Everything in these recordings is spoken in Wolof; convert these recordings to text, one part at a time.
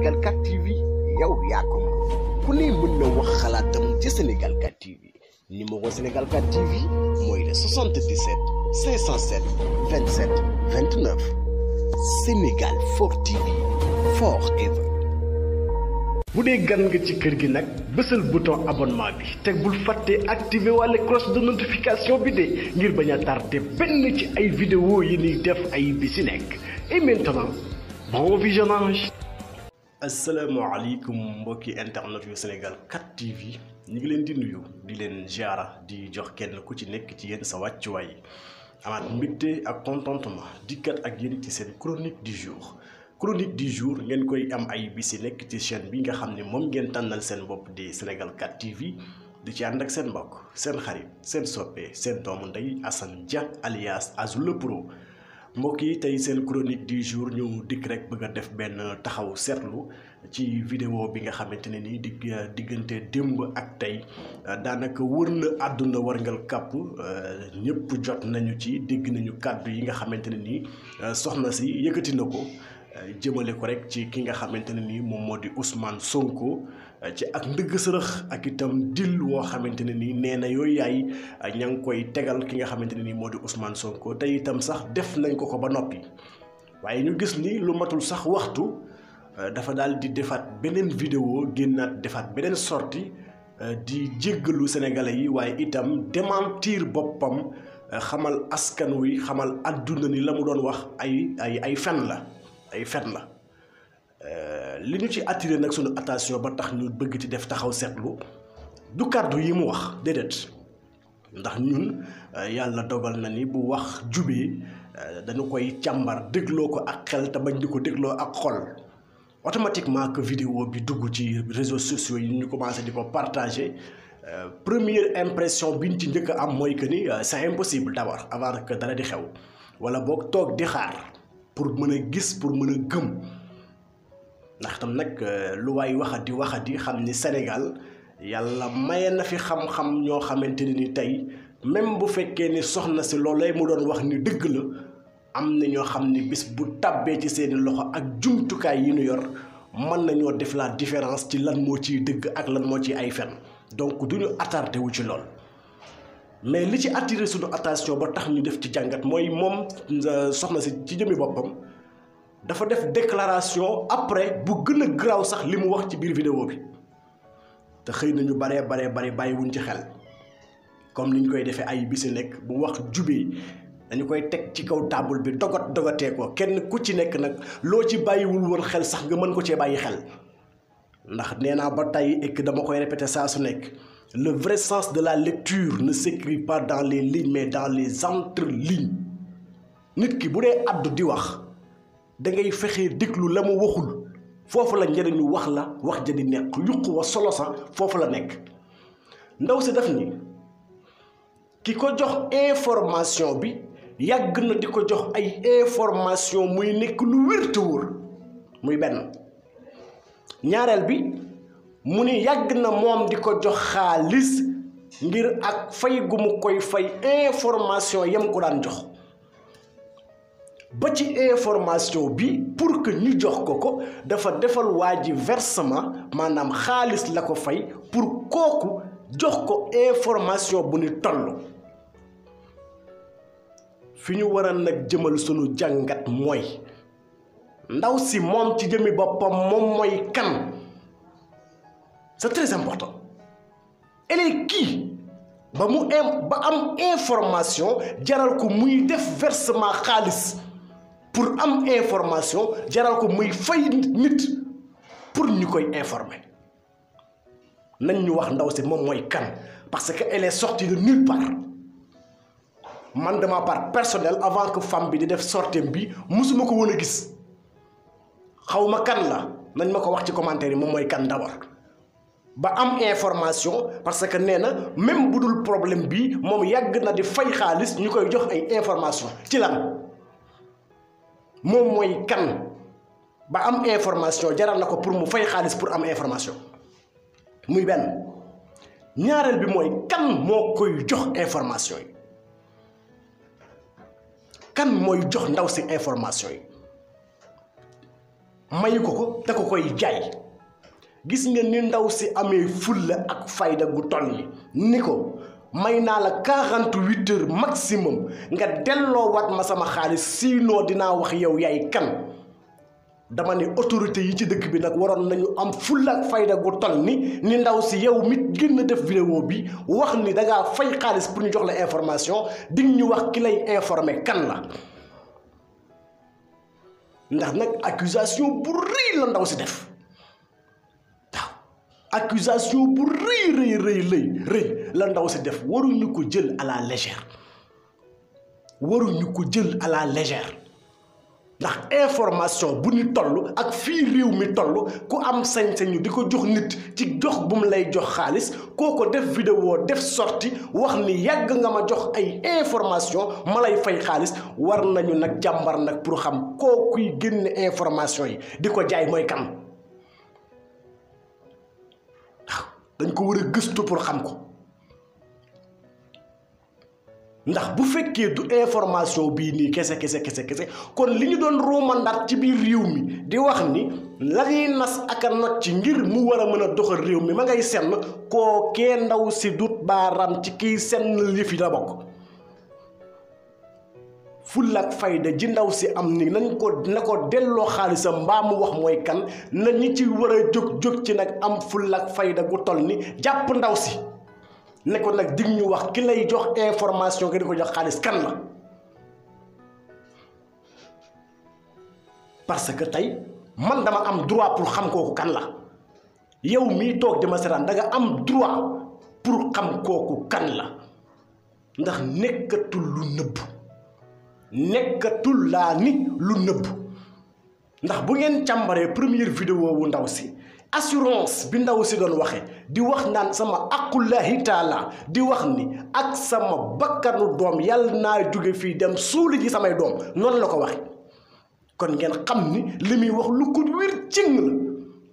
Sénégal 4 TV yow yakum. ko ku ne mën na wax xalaatam ci Sénégal 4 TV numéro Sénégal 4 TV moy le 77 507 27 29 Sénégal 4 TV forever. bu dee gan nga ci kër gi nag bouton abonnement bi teg bul fàtte activé walla cloche de notification bi de ngir bañ tardé benn ci ay vidéo yi ni def ay bi et maintenant bon visionnage asalaamaaleykum mbokki internet yu Sénégal 4 TV ñu ngi leen di nuyu di leen ziara di jox kenn ku ci nekk ci yéen sa wàccuwaay amaat mbégte ak contentement dikkat ak yéen ci seen chronique du jour. chronique du jour ngeen koy am ay bisi yi nekk ci chaîne bi nga xam ne moom ngeen tànnal seen bopp di Sénégal 4 TV di ci ànd ak seen mbokk seen xarit seen soppe seen doomu ndey Assane Dia alias Azou le Pro. mbokk yi tey seen chronique di jour ñu dikk rek bëgg a def benn taxaw seetlu ci vidéo bi nga xamante ne nii di euh, diggante démb ak tey euh, daanaka wër na àdduna warngal kàpp euh, ñëpp jot nañu ci dégg nañu kàddu yi nga xamante ne nii soxna si yëkkati na ko jëmale ko rek ci ki nga xamante ne nii moom moo di Ousmane Sonko. ci ak ndëgg sërëx ak itam dil woo xamante ne nii nee na yooyu yaay ña ngi koy tegal ki nga xamante ne nii moo di Ousmane Sonko tey itam sax def nañ ko ko ba noppi waaye ñu gis ni lu matul sax waxtu euh, dafa daal di defaat beneen vidéo génnaat defaat beneen sorti euh, di jéggalu sénégalais yi waaye itam tiir boppam euh, xamal askan wi xamal àdduna ni la mu doon wax ay ay ay fen la ay fet la Euh, li ñu ci attiré nag suñu attention ba tax ñu bëgg ci def taxaw seetlu du kàddu yi mu wax déedéet ndax ñun euh, yàlla dogal na ni bu wax jubee euh, dañu koy càmbar dégloo ko ak xel te bañ di ko dégloo ak xol automatiquement que vidéo bi dugg ci réseaux sociaux yi ñu commencé di ko partager première impression bi ñu ci njëkk am mooy que ni c'est impossible d'abord avant que dara di xew wala boog toog di xaar pour mën a gis pour mën a gëm ndax tam nag euh, lu waxati waxati Sénégal maye na fi xam-xam ni même si on mu doon wax ni dëgg la am na ñoo bis bu tàbbee ci loxo ak la différence ci lan moo ciy dëgg ak lan moo ay donc wu ci mais li ci attiré suñu attention ba tax ñu def ci dafa def déclaration après bu gën a garaaw sax li mu wax ci biir vidéo bi te xëy ñu baree baree bare bàyyiwuñ ci xel comme ni koy defee ay bisi nekk bu wax jubee dañu koy teg ci kaw table bi dogot dogatee ko kenn ku ci nekk nag loo ci bàyyiwul woon xel sax nga mën ko cee bàyyi xel ndax nee naa ba tey ek dama koy répéter saa su nekk le vrai sens de la lecture ne s'écrit pas dans les lignes mais dans les entre-lignes nit ki bu dee addu di wax dangay ngay fexe déglu la mu waxul foofu la njëriñu wax la wax ja di nekk yuq wa solo sa foofu la nekk ndaw si daf ni ki ko jox information bi yàgg na di ko jox ay information muy nekk lu wér te wóor muy benn ñaareel bi mu ni yàgg na moom di ko jox xaalis ngir ak fay gu mu koy fay information yam ko daan jox ba ci information bi pour que ñu jox ko ko dafa defal waa versement maanaam xaalis la ko fay pour kooku jox ko information bu ni toll fi ñu waral nag jëmal sunu jàngat mooy ndaw si moom ci jëmi boppam moom mooy kan c'est très important elle est qui ba mu ba am information jaral ko muy def versement xaalis pour am information jaral ko muy fay nit pour ñu koy informer nañ ñu wax ndaw ci mom moy kan parce que elle est sortie de nulle part man de ma part personnelle avant que femme bi di def sortem bi musuma ko wona gis xawma kan la nañ ma wax ci commentaire mom moy kan d'abord ba am information parce que nee même bu problème bi mom yag na di fay xaliss ñukoy jox ay information ci moom mooy kan ba am information jaral na ko pour mu fay xaalis pour am information muy benn ñaareel bi mooy kan moo koy jox information yi kan mooy jox ndaw si information yi mayu ko ko te ko koy jaay gis nga ni ndaw si amee fulla ak fayda gu toll ni ko may naa la quarante-huit heures maximum nga delloo wat ma sama xaalis sinon dinaa wax yow yaay kan dama ne autorité yi ci dëkk bi nag waroon nañu am fulla ak fayda gu tol ni ni ndaw si yow mit génn def vidéo bi wax ni danga fay xaalis pour ñu jox la information dig ñu wax ki lay informé kan la ndax nag accusation bu rëy la ndaw si def accusation bu rëy rëy rëy rëy la ndaw si def waruñu ko jël à la légère waruñu ko jël à la légère ndax information bu ñu tollu ak fii réew mi tollu ku am sañ-sañu di ko jox nit ci jox bu mu lay jox xaalis koo ko def vidéo def sorti wax ni yàgg nga ma jox ay information ma lay fay xaalis war nañu nag jàmbar nag pour xam koo kuy génne information yi di ko jaay mooy kan dañ ko war a gëstu pour xam ko ndax bu fekkee du information bii nii kese kese kese kese kon li ñu doon roomandaat ci biir réew mi di wax ni la ñuy nas ak a not ci ngir mu war a mën a doxal réew mi ma ngay senn koo ndaw si dut baaram ci kiy senn yëf la bokk fulak fayda ji ndaw si am ni nañ ko na ko delloo xaalisam wax mooy kan na ñi ci war a jóg ci am fulak fayda gu toll ni jàpp ndaw si ne ko nag dig ñu wax ki lay jox information nga di ko jox kan la parce que man dama am droit pour xam kooku kan la yow mii toog dama am droit pour xam kooku kan la ndax nekkatul lu nekkatul laa ni lu nëbb ndax bu ngeen càmbaree première vidéo wu ndaw si assurance bi ndaw si doon waxee di wax naan sama aqullahi taala di wax ni ak sama bakkanu doom yàlla naa jóge fii dem suuli ji samay doom noonu la ko waxe kon ngeen xam ni li muy wax lu ko wir cëng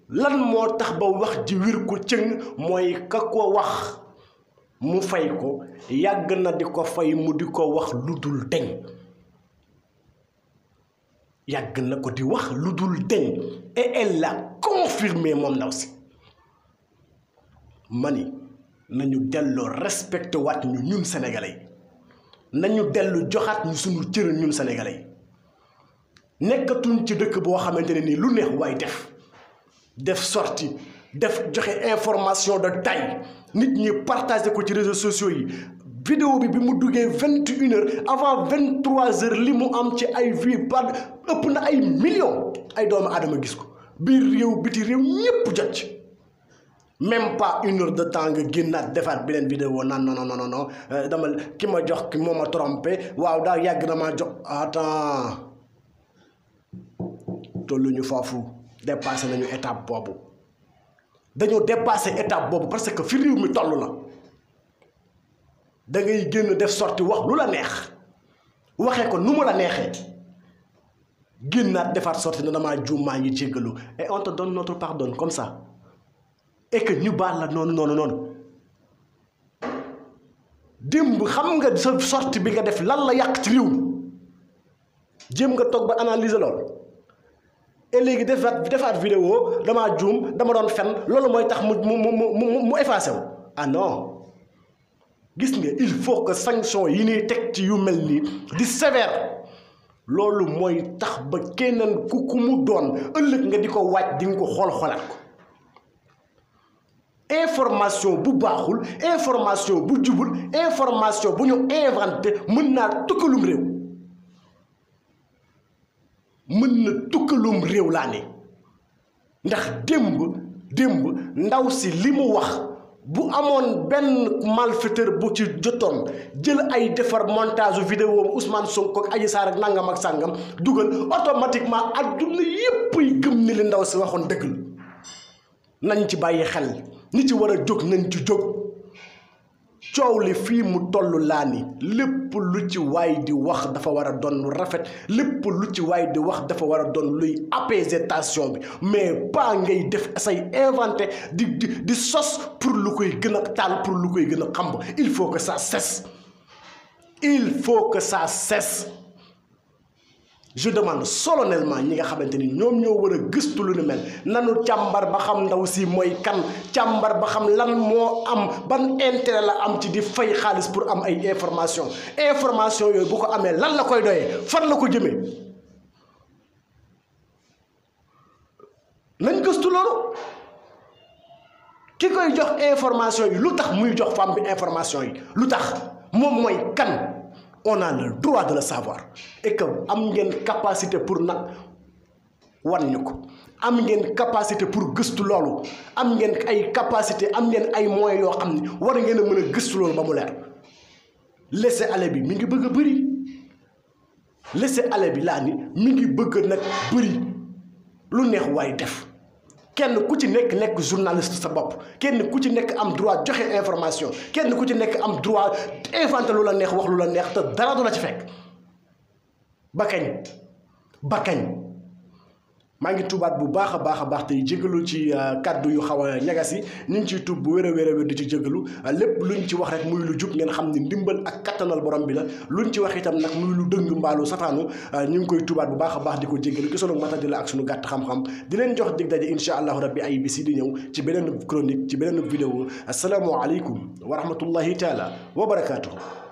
la lan moo tax ba wax ji wir ko cëng mooy ka ko wax mu fay ko yàgg na di ko fay mu di ko wax lu dul deñ yàgg na ko di wax lu dul deñ et elle l'a confirmé mom ndaw si ma nañu dello respecté waat ñu ñun sénégalais nañu dello joxat ñu suñu cër ñun sénégalais nekkatuñ ci dëkk bo xamanteni lu neex way def def sortie def joxe information de taille nit ñi partager ko ci réseaux sociaux yi vidéo bi bi mu avant 23h, heures li mu am ci par na ay millions ay doomu adama gis ko même pas une heure de temps que génnaat vidéo non non non non non euh, dama ma jox ki trompé waaw jox attends dépassé nañu étape étape parce que fi mi da ngay génn def sorti wax la neex waxee ko nu mu la neexee génnaat defaat et on te donne notre pardon comme ça et que ñu baal la noonu noonu noonu démb xam nga sa sorti bi nga def lan la yàq ci réew jéem nga ba analyser et léegi defaat defaat vidéo damaa juum dama doon fen loolu mooy tax mu mu mu mu effacé ah non gis nga il faut que sanction yi ñuy teg ci yu mel di sévère loolu mooy tax ba kenan ku ku mu doon ëllëg nga di ko waaj di nga ko xool xoolaat ko information bu baaxul information bu jubul information bu ñu inventé mën naa tukkalum réew mën na tukkalum réew laa ne ndax démb démb ndaw si li mu wax bu amoon benn malfaiteur bu ci jotoon jël ay defar montage vidéo am Ousmane Sonko ak Adji Sarr ak nangam ak sàngam dugal automatiquement adduna yépp ay gëm ni li ndaw si waxoon dëgg la nañ ci bàyyi xel ni ci war a jóg nañ ci jóg coow li fii mu toll laa ni lépp lu ci waay di wax dafa war a doon lu rafet lépp lu ci waay di wax dafa war a luy apaiser tension bi mais pas ngay def say inventé di di di sos pour lu koy gën a taal pour lu koy gën a xamb il faut que ça cesse il faut que ça cesse je demande solennellement ñi nga xamanteni ñom ñoo wëra gëstu lu ñu mel nanu ba xam ndaw si ba xam lan mo am ban intérêt la am ci di fay des pour am ay information information yoy bu ko amé lan la koy doyé fan la ko nañ gëstu ki koy jox information information on a le droit de le savoir et que am une capacité pour nak am capacité pour gëstu Nous am une capacité am Nous ay moyens yoo xamni war ngeen ba mu leer aller bi mi ngi bëgg bëri aller bi la ni mi ngi bëgg nak bëri lu neex def kenn ku ci nekk nekk journaliste sa bopp kenn ku ci nekk am droit joxe information kenn ku ci nekk am droit inventer lu la neex wax lu la neex te dara du la ci fekk maa ngi tubaat bu baax baax a baax tey jégalu ci euh, kàddu yu xaw a ñagas yi ñu ngi ciy tuub bu wér a wér di ci jégalu euh, lépp ñu ci wax rek muy lu jub ngeen xam ni ndimbal ak kattanal borom bi la lu ñu ci wax itam nag muy lu dëng mbaalu sataanu euh, ñu ngi koy tubaat bu baax a baax di ko jégalu ki sunu matadi la ak sunu gàtt xam-xam di leen jox dig daje incha allahu rabbi ay bis di ñëw ci beneen chronique ci beneen vidéo asalaamu aleykum wa rahmatullahi taala wa barakaatuhu